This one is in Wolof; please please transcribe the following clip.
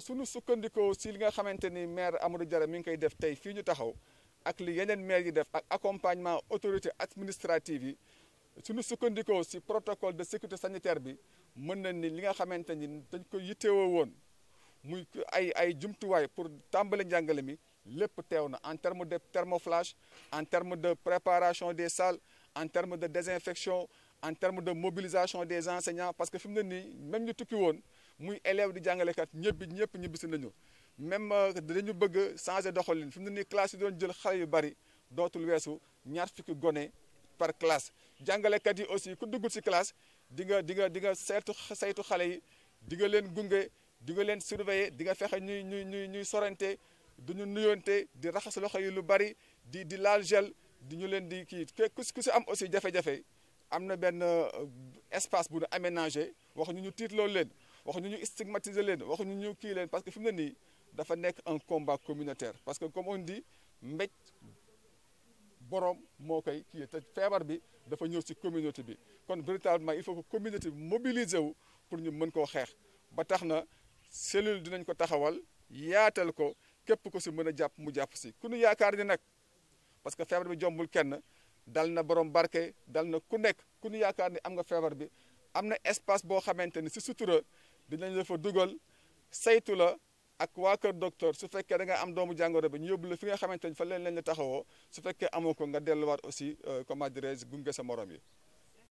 suñu sukkandikoo si li nga xamante ni maire Amadou Diarra mi ngi koy def tey fii ñu taxaw ak li yeneen maire yi def ak accompagnement autorité administrative yi suñu sukkandikoo si protocole de sécurité sanitaire bi mën nañ ni li nga xamante ni dañ ko yittewoo woon muy ay ay jumtuwaay pour tàmbali njàngale mi lépp teew na en terme de thermoflage en terme de préparation des salles en terme de désinfection en terme de mobilisation des enseignants parce que fi ne nii même ñu tukki woon muy élève di jàngalekat ñëpp ñëpp ñibbisi nañu même euh, ñu bëgg changer doxalin fi mu ni nii classe yi doon jël xale yu bari dootul weesu ñaar fukki gone par classe jàngalekat yi aussi ku duggul ci classe dinga dinga di nga di saytu xale yi di nga leen gunge di nga leen surveiller di nga fexe ñuy ñuy ñuy ñuy sorante du ñu nuyoonte di raxas loxo yi lu bari di di laal gel di ñu leen di kii ku ku si am aussi jafe-jafe am na benn euh, espace bu ñu aménagé wax ñu ñu tiit loolu leen waxuñu ñu stigmatiser leen waxuñu ñu kii leen parce que fi ne nii dafa nekk un combat communautaire parce que comme on dit borom moo feebar bi dafa ñëw si communauté bi kon véritablement il faut que communauté wu pour ñu mën koo xeex ba tax na cellule dinañ ko taxawal yaatal ko képp ko si mën a jàpp mu jàpp si ku ñu yaakaar ni nag parce que feebar bi jombul kenn dal na borom barke dal na ku nekk ku ñu yaakaar ni am nga feebar bi am na espace boo xamante ni ci sutura dinañ la fa dugal saytu la ak waa kër docteur su fekkee da nga am doomu jàngoro bi ñu yóbbu la fi nga xamante ni fa leen lañ la taxawoo su fekkee amoo ko nga delluwaat aussi euh, comment dirais-je gunge sa morom yi